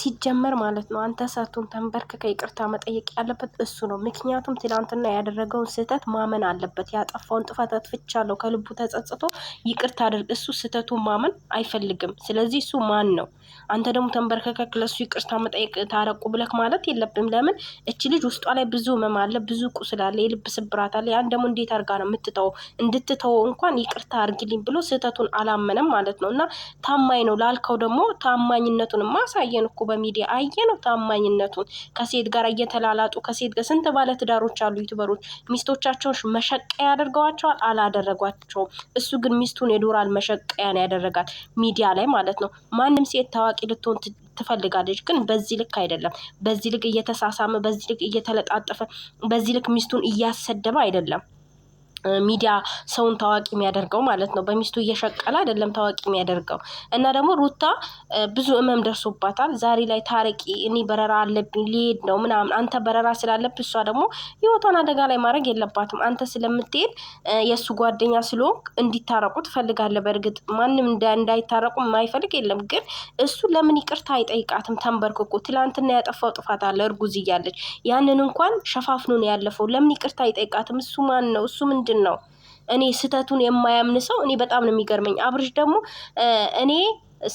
ሲጀመር ማለት ነው አንተ ሰቱን ተንበርክከ ይቅርታ መጠየቅ ያለበት እሱ ነው። ምክንያቱም ትናንትና ያደረገውን ስህተት ማመን አለበት። ያጠፋውን ጥፋት አጥፍቻለሁ፣ ከልቡ ተጸጽቶ ይቅርታ አድርግ። እሱ ስህተቱን ማመን አይፈልግም። ስለዚህ እሱ ማን ነው? አንተ ደግሞ ተንበርከከክ ለእሱ ይቅርታ መጠየቅ ታረቁ ብለክ ማለት የለብም። ለምን እች ልጅ ውስጧ ላይ ብዙ ህመም አለ፣ ብዙ ቁስል አለ፣ የልብ ስብራት አለ። ያን ደግሞ እንዴት አድርጋ ነው የምትተወው? እንድትተወው እንኳን ይቅርታ አድርግልኝ ብሎ ስህተቱን አላመነም ማለት ነው። እና ታማኝ ነው ላልከው ደግሞ ታማኝነቱን ማሳየን እኮ በሚዲያ አየ ነው ታማኝነቱን። ከሴት ጋር እየተላላጡ ከሴት ጋር ስንት ባለ ትዳሮች አሉ ዩቱበሮች ሚስቶቻቸውን መሸቀያ አድርገዋቸዋል አላደረጓቸውም። እሱ ግን ሚስቱን የዶራል መሸቀያ ነው ያደረጋት ሚዲያ ላይ ማለት ነው። ማንም ሴት ታዋቂ ልትሆን ትፈልጋለች ግን በዚህ ልክ አይደለም። በዚህ ልክ እየተሳሳመ፣ በዚህ ልክ እየተለጣጠፈ፣ በዚህ ልክ ሚስቱን እያሰደበ አይደለም። ሚዲያ ሰውን ታዋቂ የሚያደርገው ማለት ነው። በሚስቱ እየሸቀለ አይደለም ታዋቂ የሚያደርገው። እና ደግሞ ሩታ ብዙ እመም ደርሶባታል። ዛሬ ላይ ታረቂ፣ እኔ በረራ አለብኝ ሊሄድ ነው ምናምን፣ አንተ በረራ ስላለብህ እሷ ደግሞ ህይወቷን አደጋ ላይ ማድረግ የለባትም። አንተ ስለምትሄድ የእሱ ጓደኛ ስለሆንክ እንዲታረቁ ትፈልጋለህ። በእርግጥ ማንም እንዳይታረቁ የማይፈልግ የለም። ግን እሱ ለምን ይቅርታ አይጠይቃትም? ተንበርክኮ ትላንትና ያጠፋው ጥፋት አለ እርጉዝ እያለች ያንን እንኳን ሸፋፍኖ ነው ያለፈው። ለምን ይቅርታ አይጠይቃትም? እሱ ማን ነው? እሱም ምንድን ነው? እኔ ስህተቱን የማያምን ሰው እኔ በጣም ነው የሚገርመኝ። አብርሽ ደግሞ እኔ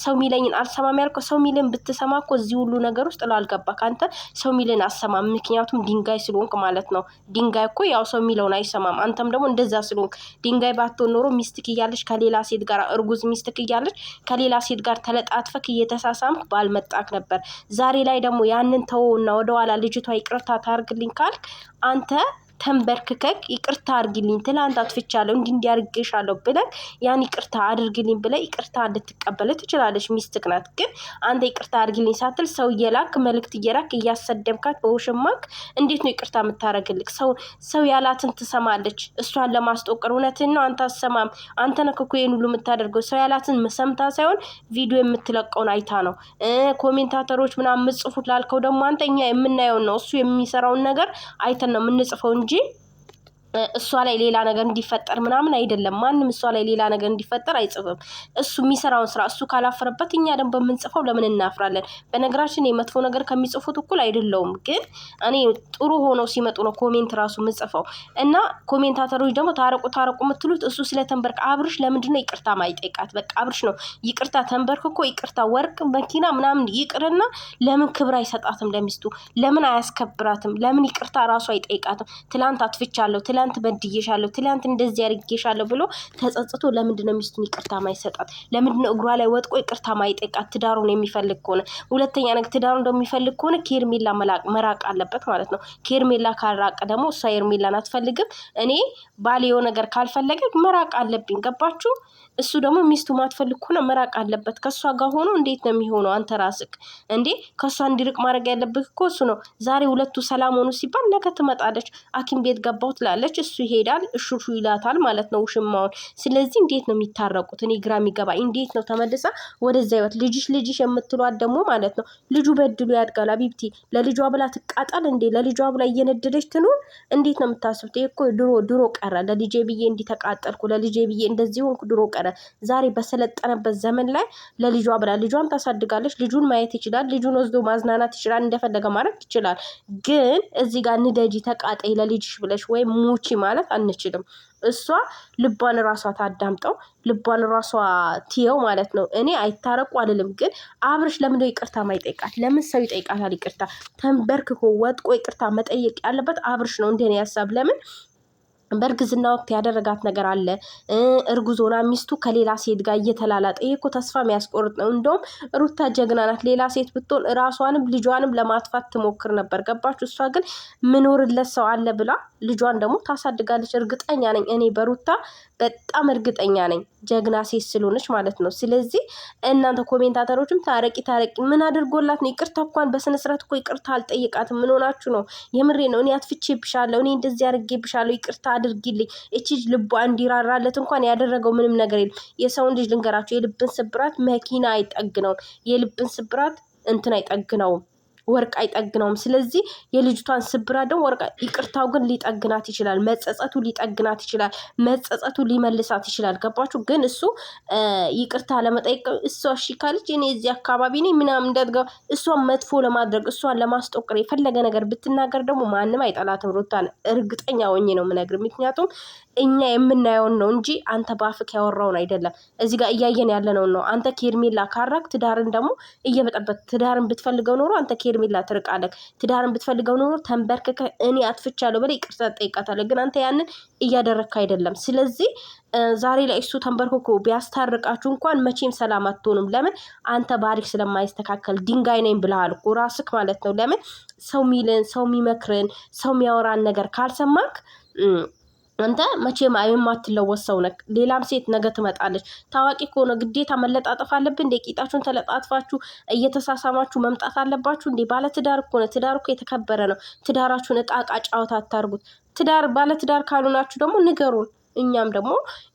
ሰው ሚለኝን አልሰማም ያልከው ሰው ሚልን ብትሰማ እኮ እዚህ ሁሉ ነገር ውስጥ ላልገባ ከአንተ ሰው ሚልን አሰማም። ምክንያቱም ድንጋይ ስለሆንክ ማለት ነው። ድንጋይ እኮ ያው ሰው ሚለውን አይሰማም። አንተም ደግሞ እንደዛ ስለሆንክ ድንጋይ ባትሆን ኖሮ ሚስትክ እያለች ከሌላ ሴት ጋር እርጉዝ ሚስትክ እያለች ከሌላ ሴት ጋር ተለጣጥፈክ እየተሳሳምክ ባልመጣክ ነበር። ዛሬ ላይ ደግሞ ያንን ተወውና ወደኋላ ልጅቷ ይቅርታ ታርግልኝ ካልክ አንተ ተንበርክከክ ይቅርታ አድርግልኝ ትላንት አጥፍቻለሁ እንዲህ እንዲህ አድርጌሻለሁ ብለክ ያን ይቅርታ አድርግልኝ ብለህ ይቅርታ ልትቀበል ትችላለች። ሚስትክ ናት። ግን አንተ ይቅርታ አድርግልኝ ሳትል ሰው እየላክ መልእክት እየላክ እያሰደብካት በውሽማክ እንዴት ነው ይቅርታ የምታደርግልክ? ሰው ሰው ያላትን ትሰማለች። እሷን ለማስጠቀር እውነትን ነው አንተ አሰማም። አንተ ነህ እኮ ይሄን ሁሉ የምታደርገው። ሰው ያላትን መሰምታ ሳይሆን ቪዲዮ የምትለቀውን አይታ ነው። ኮሜንታተሮች ምናምን ምጽፉት ላልከው ደግሞ አንተ እኛ የምናየውን ነው እሱ የሚሰራውን ነገር አይተን ነው የምንጽፈው সবজি እሷ ላይ ሌላ ነገር እንዲፈጠር ምናምን አይደለም። ማንም እሷ ላይ ሌላ ነገር እንዲፈጠር አይጽፍም። እሱ የሚሰራውን ስራ እሱ ካላፈረበት እኛ ደግሞ በምንጽፈው ለምን እናፍራለን? በነገራችን የመጥፎ ነገር ከሚጽፉት እኩል አይደለውም፣ ግን እኔ ጥሩ ሆነው ሲመጡ ነው ኮሜንት ራሱ ምጽፈው እና ኮሜንታተሮች ደግሞ ታረቁ ታረቁ የምትሉት እሱ ስለተንበርክ አብርሽ ለምንድነው ይቅርታ ማይጠይቃት? በቃ አብርሽ ነው ይቅርታ እኮ ይቅርታ ወርቅ መኪና ምናምን ይቅርና ለምን ክብር አይሰጣትም? ለሚስቱ ለምን አያስከብራትም? ለምን ይቅርታ ራሱ አይጠይቃትም? ትላንት አትፍቻለሁ ትላንት በድዬሻለሁ፣ ትላንት እንደዚህ ያርጌሻለሁ ብሎ ተጸጽቶ ለምንድን ነው ሚስቱን ይቅርታ ማይሰጣት? ለምንድን ነው እግሯ ላይ ወድቆ ይቅርታ ማይጠይቃት? ትዳሩን የሚፈልግ ከሆነ ሁለተኛ ነገር ትዳሩን እንደሚፈልግ ከሆነ ከኤርሜላ መራቅ አለበት ማለት ነው። ከኤርሜላ ካልራቀ ደግሞ እሷ ኤርሜላን አትፈልግም። እኔ ባልየው ነገር ካልፈለገ መራቅ አለብኝ። ገባችሁ? እሱ ደግሞ ሚስቱ ማትፈልግ ከሆነ መራቅ አለበት። ከእሷ ጋር ሆኖ እንዴት ነው የሚሆነው? አንተ ራስህ እንዴ ከእሷ እንዲርቅ ማድረግ ያለብህ እኮ እሱ ነው። ዛሬ ሁለቱ ሰላም ሆኑ ሲባል ነገ ትመጣለች። ሐኪም ቤት ገባሁ ትላለች፣ እሱ ይሄዳል፣ እሹሹ ይላታል ማለት ነው ውሽማውን። ስለዚህ እንዴት ነው የሚታረቁት? እኔ ግራ የሚገባ እንዴት ነው ተመልሳ ወደዛ ይወት ልጅሽ ልጅሽ የምትሏት ደግሞ ማለት ነው ልጁ በድሉ ያድጋል። አቢብቲ ለልጇ ብላ ትቃጣል እንዴ? ለልጇ ብላ እየነደደች ትኑር? እንዴት ነው የምታስብት? የምታስቡት? እኮ ድሮ ድሮ ቀረ። ለልጄ ብዬ እንዲተቃጠልኩ ለልጄ ብዬ እንደዚህ ሆንኩ ድሮ ቀረ። ነበረ። ዛሬ በሰለጠነበት ዘመን ላይ ለልጇ ብላ ልጇን ታሳድጋለች። ልጁን ማየት ይችላል። ልጁን ወስዶ ማዝናናት ይችላል። እንደፈለገ ማድረግ ይችላል። ግን እዚህ ጋር ንደጂ፣ ተቃጠይ ለልጅሽ ብለሽ ወይም ሙቺ ማለት አንችልም። እሷ ልቧን ራሷ ታዳምጠው ልቧን ራሷ ትየው ማለት ነው። እኔ አይታረቁ አልልም፣ ግን አብርሽ ለምንድነው ይቅርታ ማይጠይቃት? ለምን ሰው ይጠይቃታል? ይቅርታ ተንበርክኮ ወጥቆ ይቅርታ መጠየቅ ያለበት አብርሽ ነው። እንደ እኔ ሀሳብ ለምን በእርግዝና ወቅት ያደረጋት ነገር አለ። እርጉዞና ሚስቱ ከሌላ ሴት ጋር እየተላላጠ ይህ እኮ ተስፋ የሚያስቆርጥ ነው። እንደውም ሩታ ጀግና ናት። ሌላ ሴት ብትሆን ራሷንም ልጇንም ለማጥፋት ትሞክር ነበር። ገባችሁ? እሷ ግን ምኖርለት ሰው አለ ብላ ልጇን ደግሞ ታሳድጋለች። እርግጠኛ ነኝ እኔ በሩታ በጣም እርግጠኛ ነኝ። ጀግና ሴት ስለሆነች ማለት ነው። ስለዚህ እናንተ ኮሜንታተሮችም ታረቂ ታረቂ፣ ምን አድርጎላት ነው? ይቅርታ እንኳን በስነ እኮ ይቅርታ አልጠይቃትም። ምን ሆናችሁ ነው? የምሬ ነው። እኔ አትፍቼብሻለሁ፣ እኔ እንደዚህ አድርጌብሻለሁ፣ ይቅርታ አድርጊልኝ። እቺ ልቧ እንዲራራለት እንኳን ያደረገው ምንም ነገር የለም። የሰውን ልጅ ልንገራችሁ፣ የልብን ስብራት መኪና አይጠግነውም። የልብን ስብራት እንትን አይጠግነውም። ወርቅ አይጠግነውም። ስለዚህ የልጅቷን ስብራ ደግሞ ወርቅ ይቅርታው ግን ሊጠግናት ይችላል። መጸጸቱ ሊጠግናት ይችላል። መጸጸቱ ሊመልሳት ይችላል። ገባችሁ? ግን እሱ ይቅርታ ለመጠየቅ እሷ እሺ ካለች እኔ እዚህ አካባቢ ነኝ ምናምን እንዳትገባ እሷን መጥፎ ለማድረግ እሷን ለማስጠቆር የፈለገ ነገር ብትናገር ደግሞ ማንም አይጠላትም ሩታን እርግጠኛ ሆኜ ነው የምነግር ምክንያቱም እኛ የምናየውን ነው እንጂ አንተ በአፍክ ያወራውን አይደለም። እዚህ ጋር እያየን ያለነውን ነው። አንተ ኬርሜላ ካራክ ትዳርን ደግሞ እየበጠበት ትዳርን ብትፈልገው ኖሮ አንተ ኬርሜላ ትርቃለህ። ትዳርን ብትፈልገው ኖሮ ተንበርክከ እኔ አጥፍቻለሁ በላይ ይቅርታ ትጠይቃታለህ። ግን አንተ ያንን እያደረግክ አይደለም። ስለዚህ ዛሬ ላይ እሱ ተንበርክኮ ቢያስታርቃችሁ እንኳን መቼም ሰላም አትሆኑም። ለምን አንተ ባህሪክ ስለማይስተካከል ድንጋይ ነኝ ብለሃል እኮ ራስክ ማለት ነው። ለምን ሰው ሚልን ሰው ሚመክርን ሰው የሚያወራን ነገር ካልሰማክ አንተ መቼም የማትለወጥ ሰው ነህ። ሌላም ሴት ነገ ትመጣለች። ታዋቂ ከሆነ ግዴታ መለጣጠፍ አለብህ እንዴ? ቂጣችሁን ተለጣጥፋችሁ እየተሳሳማችሁ መምጣት አለባችሁ እንዴ? ባለ ትዳር እኮ ነህ። ትዳር እኮ የተከበረ ነው። ትዳራችሁን እቃ እቃ ጫወታ አታርጉት። ትዳር ባለ ትዳር ካልሆናችሁ ደግሞ ንገሩን። እኛም ደግሞ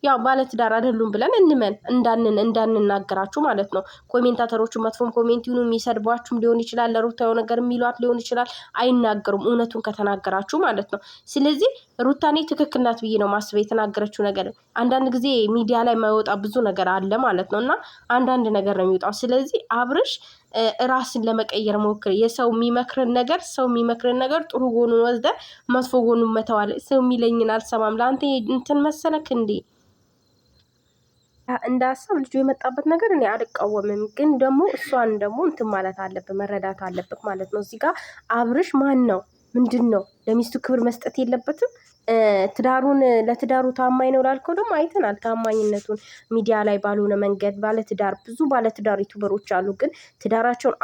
ያው ባለትዳር አይደሉም ብለን እንመን እንዳንን እንዳንናገራችሁ ማለት ነው። ኮሜንታተሮቹ መጥፎም ኮሜንት ይሁኑ የሚሰድቧችሁም ሊሆን ይችላል፣ ለሩታ ነገር የሚሏት ሊሆን ይችላል። አይናገሩም እውነቱን ከተናገራችሁ ማለት ነው። ስለዚህ ሩታኔ ትክክል ናት ብዬ ነው ማስበ የተናገረችው ነገር አንዳንድ ጊዜ ሚዲያ ላይ የማይወጣ ብዙ ነገር አለ ማለት ነው እና አንዳንድ ነገር ነው የሚወጣው። ስለዚህ አብርሽ ራስን ለመቀየር ሞክር። የሰው የሚመክርን ነገር ሰው የሚመክርን ነገር ጥሩ ጎኑን ወስደ መጥፎ ጎኑን መተዋል። ሰው የሚለኝን አልሰማም። ለአንተ እንትን መሰለክ እንዴ? እንደ ሀሳብ ልጁ የመጣበት ነገር እኔ አልቃወምም፣ ግን ደግሞ እሷን ደግሞ እንትን ማለት አለብህ መረዳት አለብህ ማለት ነው። እዚህ ጋር አብርሽ ማን ነው? ምንድን ነው? ለሚስቱ ክብር መስጠት የለበትም። ትዳሩን ለትዳሩ ታማኝ ነው ላልከው ደግሞ አይተናል። ታማኝነቱን ሚዲያ ላይ ባልሆነ መንገድ ባለትዳር ብዙ ባለትዳር ዩቱበሮች አሉ፣ ግን ትዳራቸውን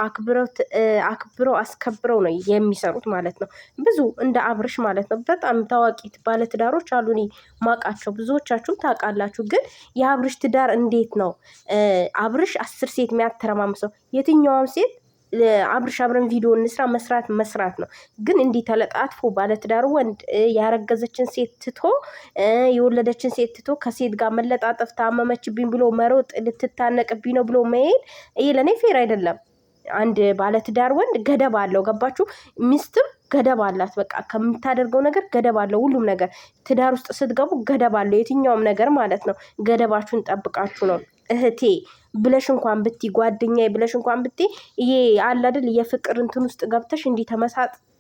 አክብረው አስከብረው ነው የሚሰሩት ማለት ነው። ብዙ እንደ አብርሽ ማለት ነው። በጣም ታዋቂ ባለትዳሮች አሉ፣ እኔ ማቃቸው ብዙዎቻችሁም ታውቃላችሁ። ግን የአብርሽ ትዳር እንዴት ነው? አብርሽ አስር ሴት የሚያተረማምሰው የትኛዋም ሴት አብርሽ አብረን ቪዲዮ እንስራ መስራት መስራት ነው። ግን እንዲህ ተለጣጥፎ ባለትዳር ወንድ ያረገዘችን ሴት ትቶ የወለደችን ሴት ትቶ ከሴት ጋር መለጣጠፍ ታመመችብኝ ብሎ መሮጥ ልትታነቅብኝ ነው ብሎ መሄድ ይህ ለእኔ ፌር አይደለም። አንድ ባለትዳር ወንድ ገደብ አለው። ገባችሁ? ሚስትም ገደብ አላት። በቃ ከምታደርገው ነገር ገደብ አለው። ሁሉም ነገር ትዳር ውስጥ ስትገቡ ገደብ አለው። የትኛውም ነገር ማለት ነው። ገደባችሁን ጠብቃችሁ ነው እህቴ ብለሽ እንኳን ብቲ ጓደኛዬ ብለሽ እንኳን ብቲ ይሄ አለ አይደል የፍቅር እንትን ውስጥ ገብተሽ እንዲህ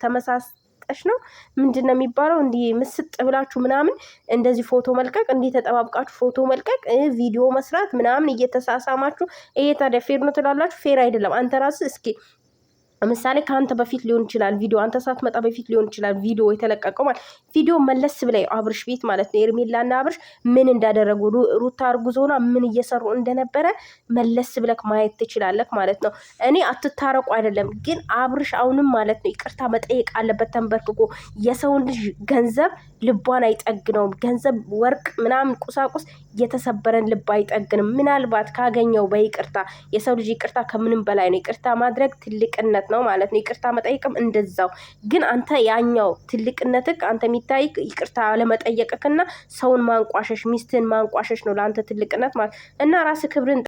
ተመሳጠሽ ነው ምንድን ነው የሚባለው? እንዲህ ምስጥ ብላችሁ ምናምን እንደዚህ ፎቶ መልቀቅ፣ እንዲህ ተጠባብቃችሁ ፎቶ መልቀቅ፣ ቪዲዮ መስራት ምናምን እየተሳሳማችሁ ይሄ ታዲያ ፌር ነው ትላላችሁ? ፌር አይደለም። አንተ ራስህ እስኪ ለምሳሌ ከአንተ በፊት ሊሆን ይችላል ቪዲዮ አንተ ሳትመጣ በፊት ሊሆን ይችላል ቪዲዮ የተለቀቀው ማለት ቪዲዮ መለስ ብለ አብርሽ ቤት ማለት ነው ኤርሜላና አብርሽ ምን እንዳደረጉ ሩታ አርጉዞና ምን እየሰሩ እንደነበረ መለስ ብለክ ማየት ትችላለክ ማለት ነው። እኔ አትታረቁ አይደለም ግን አብርሽ አሁንም ማለት ነው ይቅርታ መጠየቅ አለበት ተንበርክኮ። የሰውን ልጅ ገንዘብ ልቧን አይጠግነውም። ገንዘብ፣ ወርቅ፣ ምናምን ቁሳቁስ የተሰበረን ልብ አይጠግንም። ምናልባት ካገኘው በይቅርታ የሰው ልጅ ይቅርታ ከምንም በላይ ነው። ይቅርታ ማድረግ ትልቅነት ነው። ነው ማለት ነው። ይቅርታ መጠየቅም እንደዛው። ግን አንተ ያኛው ትልቅነትህ አንተ የሚታይ ይቅርታ ለመጠየቅክና ሰውን ማንቋሸሽ፣ ሚስትን ማንቋሸሽ ነው ለአንተ ትልቅነት ማለት እና ራስ ክብርን